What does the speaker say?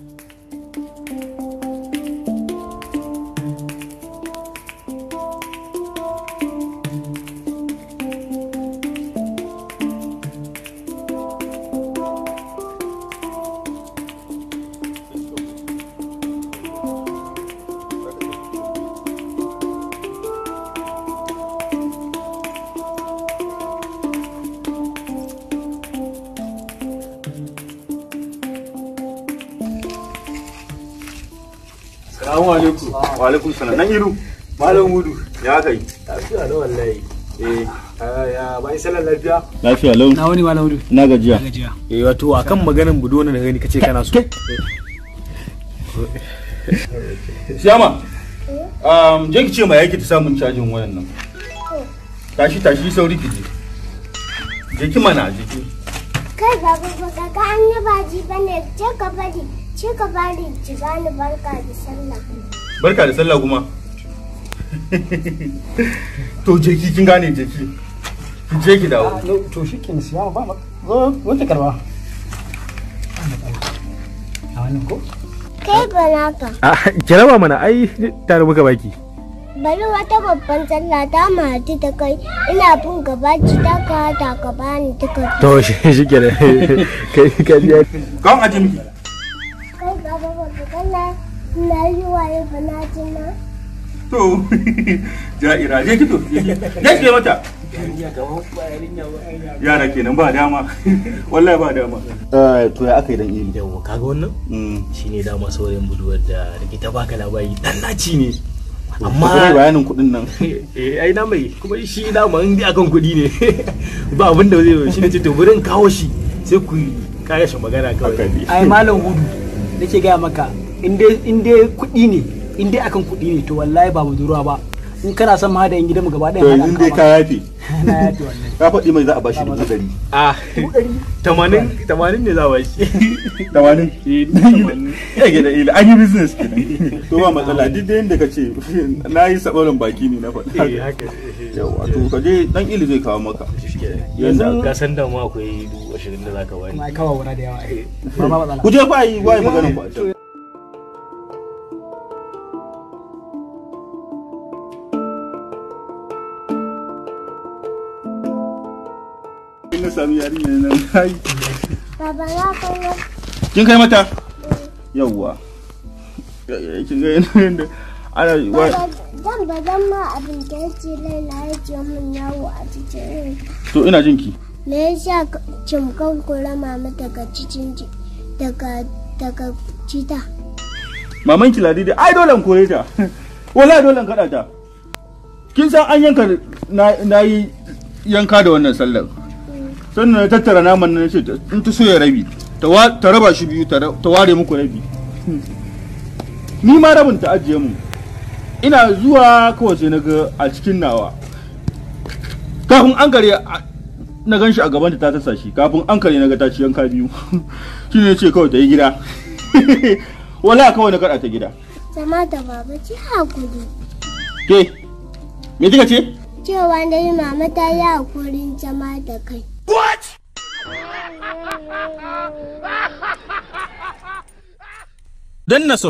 Thank you. Assalamu alaikum. Wa alaikum salam. Nan iru. Malam Hudu. Ya kai. Lafiya da wallahi. Eh. Ah, ya bai sallar lafiya. Lafiya lau. Na wani malam Hudu. Na gajiya. Na gajiya. Eh wato akan maganan budo na gani kace kana so. Siyama. Um, je ki ce mai yake ta samun cajin wayan nan. Tashi tashi sauri ki je. Je ki mana je ki. Kai babu ka ga an yaba ji bane je ka bari. Ce ka bari jigani barka da sallah. Barka da sallah kuma. To jeki kin gane jeki. Ki je ki dawo. Ah, to shi kin siya ba Zo wata karba. A wannan ko? Kai ba jaraba ah, mana ai tare muka baki. Bari wata babban sallah ta mati ta kai ina bin gaba ci ta ka ta ka bani duka. To shi shi kenan. Kai ka je. Kan aje miki. kana na yi waye ba na ji na to ja'ira je ki to je ki mata yara kenan ba dama wallahi ba dama eh, to ya aka yi dan iri yawa kaga wannan mm. shine dama saurayin buduwar da da ta baka labari dan naci ne amma kai bayanin kudin nan eh ai na mai kuma shi dama in dai akan kudi ne ba abin da zai shi ne ce to burin kawo shi sai ku kaya shi magana kawai ai malam hudu nake gaya maka in dai kuɗi ne in akan kuɗi ne to wallahi ba budurwa ba in kana son ma da yan gidanmu gaba ɗaya to in dai ka yafe ya faɗi mai za a bashi ah, dubu ɗari tamanin tamanin ne za a bashi eh, tamanin ya da ila an yi business to ba matsala duk da yadda ka ce na yi sabarin baki ne na faɗi eh, yawa to ka je dan ili zai kawo maka yanzu san da ma akwai dubu da za wura da yawa eh. ku je fa yi maganin ba na sami yarinya nan hai baba ya kin kai mata yawwa kin ga da ana wa zan ba zan ma abin da yake laila ya ce mun yawo a cikin to ina jinki me yasa cimkan kura mama daga cikin daga daga cita maman ki ladidi ai dole in kore ta wallahi dole in kada ta kin san an yanka na yi yanka da wannan sallar Sannan na tattara naman nan ce in ta so ya rabi ta raba shi biyu ta ware muku rabi ni ma rabin ta ajiye mu ina zuwa kawai sai na ga a cikin nawa kafin an gare na gan shi a gaban ta tasa shi kafin an kare na ga ta ci yanka biyu shi ne ce kawai ta yi gida wala kawai na kada ta gida zama da baba ci hakuri ke me kika ce cewa dai mama ta yi hakurin zama da kai Danna subscribe